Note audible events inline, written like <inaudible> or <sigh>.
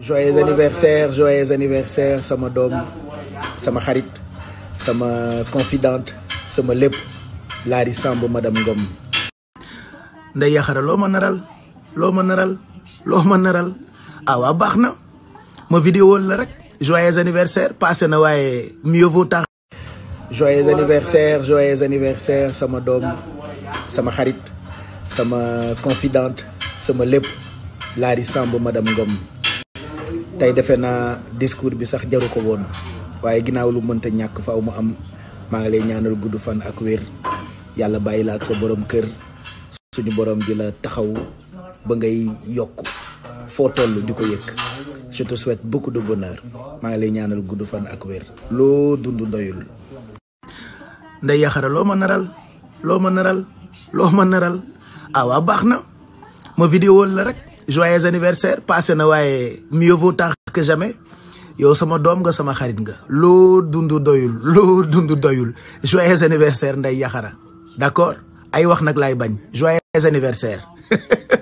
joyeux anniversaire joyeux anniversaire sama doom sama xarit sama confidente sama lépp Lary Samb madame Ngom Ndeye Yaxara ma naral loo ma naral loo naral ah baax na ma vidéo la rek joyeux anniversaire passé na waaye mieux vaut tard joyeux anniversaire joyeux anniversaire sama doom sama xarit sama confidente sama lépp Lary Samb madame Ngom tey defe naa discours bi sax jaru ko woon waaye ginnaaw lu mënta ñàkk faaw mu am maa ngi lay ñaanal gudd fan ak wér yàlla bàyyi la ak sa boroom kër suñu boroom di la taxaw ba ngay yokk foo toll di ko yëg je te souhaite beaucoup de maa ngi lay ñaanal gudd fan ak wér loo dund doyul. Ndeye Yaxara loo ma naral loo ma naral loo ma naral ah waa baax na ma vidéo la rek. joyeux anniversaire passé na waaye mieux vaut tard que jamais yow sama doom nga sama xarit nga loo dund doyul loo dund doyul joyeux anniversaire Ndeye Yaxara d'accord ay wax nag laay bañ joyeux anniversaire <laughs>